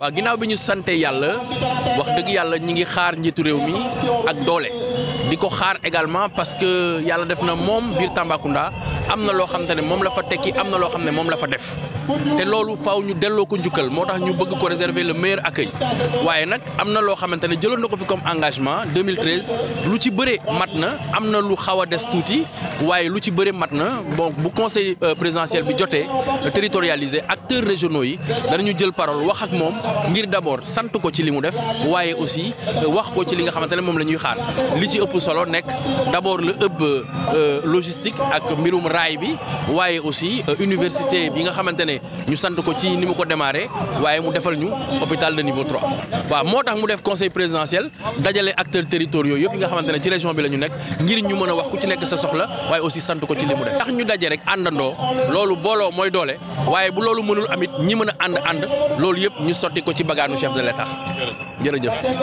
waa ginnaaw bi ñu santee yàlla wax dëgg yàlla ñi ngi xaar njiitu réew mi ak doole di ko xaar également parce que yàlla def na moom biir Tambacounda amna lo loo mom la fa tekki amna lo mom la fa def faaw réserver le meilleur accueil wayé nak amna lo fi comme engagement 2013 lu ci maintenant matna le lu xawa des touti. fait lu ci bëré matna bon bu conseil euh, présidentiel bi territorialisé régionaux yi jël parole wax ak mom. d'abord sant ko ci aussi euh, wax ko ci li nga d'abord le hub euh, logistique ak raay bi aussi euh, université bi nga xamante ne ñu sant ko ci ni ko démarré waaye mu defal ñu hôpital de niveau 3 bah moo tax mu def conseil présidentiel les acteurs territoriaux yëpp yi nga xamante ne ci région bi la ñu nekk ngir ñu mën a wax ku ci nekk sa soxla aussi sant ko ci li mu def tax ñu daje rek àndandoo loolu booloo mooy doole waaye bu loolu mënul amit ñi mën a ànd ànd loolu yëpp ñu sotti ko ci bagaanu chef de l'État jërëjëf